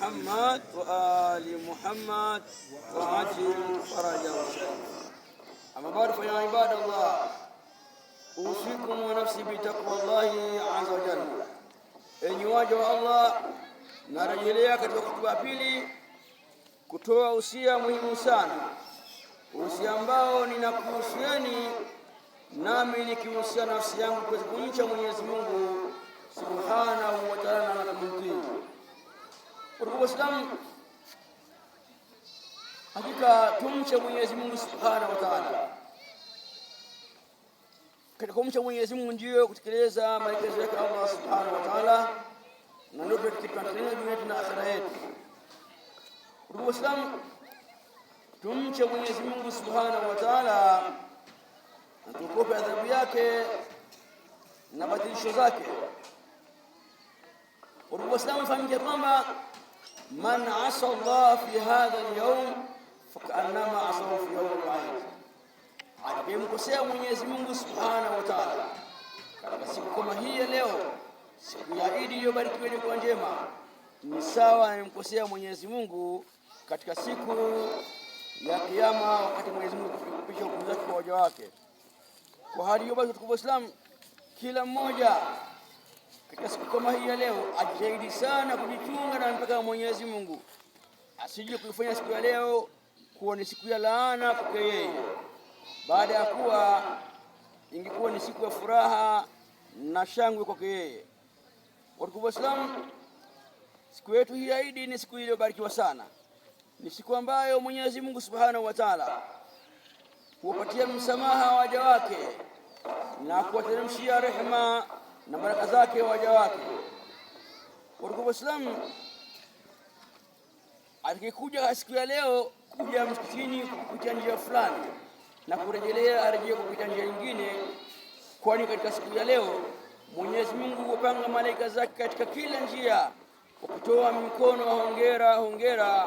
Muhammad wa ali Muhammad wa ajil farajahu. Amma baadu, ya ibada Allah usikum wa nafsi bi taqwa Allahi azza wa jalla, enyi waja wa Allah. Narejelea katika kutuba pili kutoa usia muhimu sana, usia ambao ninakuhusieni nami nikihusia nafsi yangu kwa kumcha Mwenyezi Mungu Waislamu, hakika tumche Mwenyezi Mungu Subhanahu wa Ta'ala. Katika kumcha Mwenyezi Mungu ndiyo kutekeleza maelekezo yake Allah Subhanahu wa Ta'ala, na ndio tutakatengeneza dunia yetu na akhera yetu. Ndugu Waislamu, tumche Mwenyezi Mungu Subhanahu wa Ta'ala na tuogope adhabu yake na badilisho zake. Ndugu Waislamu, fahamike kwamba man asa llah fi hadha lyaum yawm fakaannama asa fi yawm al-ayn, Mwenyezi Mungu subhanahu wa ta'ala katika siku kama hii ya leo, siku ya Idi iliyobarikiwa kwa njema, ni sawa anayemkosea Mwenyezi Mungu katika siku ya Kiyama, wakati Mwenyezi Mungu kufikisha hukumu zake kwa waja wake. Kwa hali hiyo basi, tukufu Islam, kila mmoja katika siku kama hii ya leo ajitahidi sana kujichunga na mpaka Mwenyezi Mungu asije kuifanya siku ya leo kuwa ni siku ya laana kwake yeye, baada ya kuwa ingekuwa ni siku ya furaha na shangwe kwake yeye. Watukufu Waislamu, siku yetu hii ya Idi ni siku iliyobarikiwa sana, ni siku ambayo Mwenyezi Mungu Subhanahu wa Ta'ala huwapatia msamaha waja wake na kuwateremshia rehema na baraka zake waja wake. Wadugu Waislamu, atakayekuja siku ya leo kuja msikitini kupitia njia fulani na kurejelea arejee kupitia njia nyingine, kwani katika siku ya leo Mwenyezi Mungu hupanga malaika zake katika kila njia kwa kutoa mikono wa hongera hongera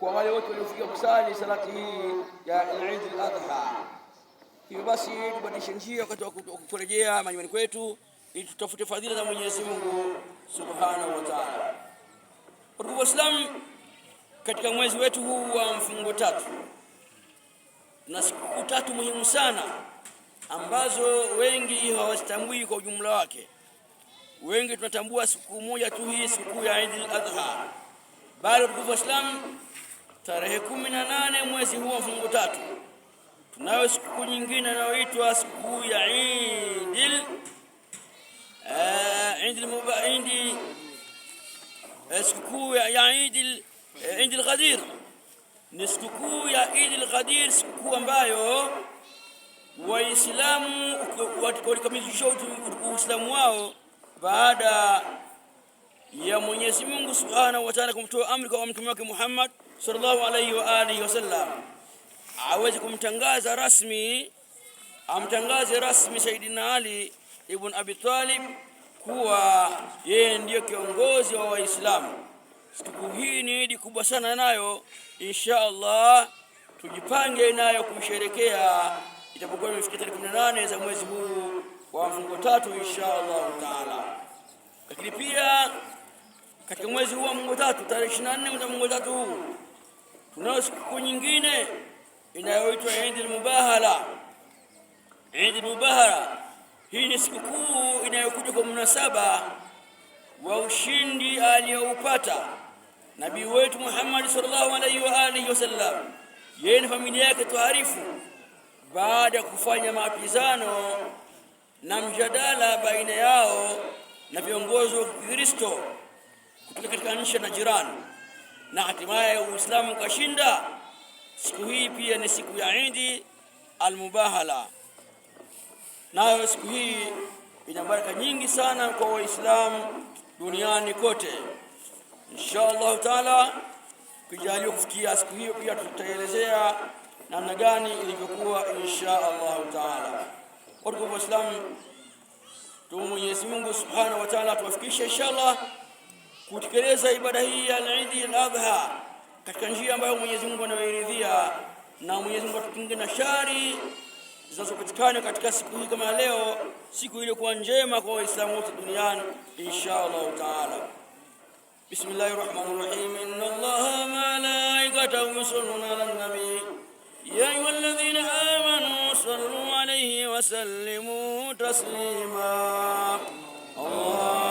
kwa wale wote waliofika kusali salati hii ya Eid al-Adha. Hivyo basi tubadilishe njia wakati wa kurejea manyumbani kwetu ili tutafute fadhila za Mwenyezi Mungu Subhanahu wa Ta'ala. Ndugu Waislamu, katika mwezi wetu huu wa mfungo tatu na siku tatu muhimu sana ambazo wengi hawazitambui kwa ujumla wake. Wengi tunatambua siku moja tu hii, siku ya Eid al-Adha. Bado ndugu Waislamu, tarehe kumi na nane mwezi huu wa mfungo tatu tunayo siku nyingine inayoitwa siku ya Eid Eh, عيد المب... عندي eh, سكوكو يا عيد eh, عيد الغدير ni sikukuu ya Eid al-Ghadir, sikukuu ambayo Waislamu walikamilisha Uislamu wao baada ya Mwenyezi Mungu Subhanahu wa Ta'ala kumtoa amri kwa mtume wake Muhammad sallallahu alaihi wa wasallam aweze kumtangaza rasmi, amtangaze rasmi Saidina Ali ibn Abi Talib kuwa yeye ndiyo kiongozi wa Waislamu. Siku hii ni idi kubwa sana, nayo insha Allah tujipange nayo kusherekea itapokuwa imefikia tarehe 18 za mwezi huu wa mfungo tatu insha allahu taala. Lakini pia katika mwezi huu wa mfungo tatu tarehe 24 za mfungo tatu huu tunayo siku nyingine inayoitwa Eid al-Mubahala, Eid al-Mubahala hii ni sikukuu inayokuja kwa mnasaba wa ushindi aliyoupata nabii wetu Muhammad sallallahu alaihi wa alihi wasallam, yeye na familia yake tuharifu, baada ya kufanya mapizano na mjadala baina yao na viongozi wa Kikristo kutoka katika nchi na jirani, na hatimaye Uislamu ukashinda. Siku hii pia ni siku ya Idi Almubahala nayo siku hii ina baraka nyingi sana kwa Waislamu duniani kote. Insha allahu taala, ukijaliwa kufikia siku hiyo, pia tutaelezea namna gani ilivyokuwa insha allahu taala. Watukufu Waislamu, tumu Mwenyezi Mungu subhanahu wa taala tuwafikishe insha allah kutekeleza ibada hii ya Eid al-Adha katika njia ambayo Mwenyezi Mungu anayoiridhia, na Mwenyezi Mungu atukinge na shari zinazopatikana katika siku hii kama leo, siku iliyokuwa njema kwa Waislamu wote duniani insha Allah taala. Bismillahir Rahmanir Rahim inna Allaha malaikatahu yusalluna ala nabi ya ayyuhalladhina amanu sallu alayhi wa sallimu taslima Allah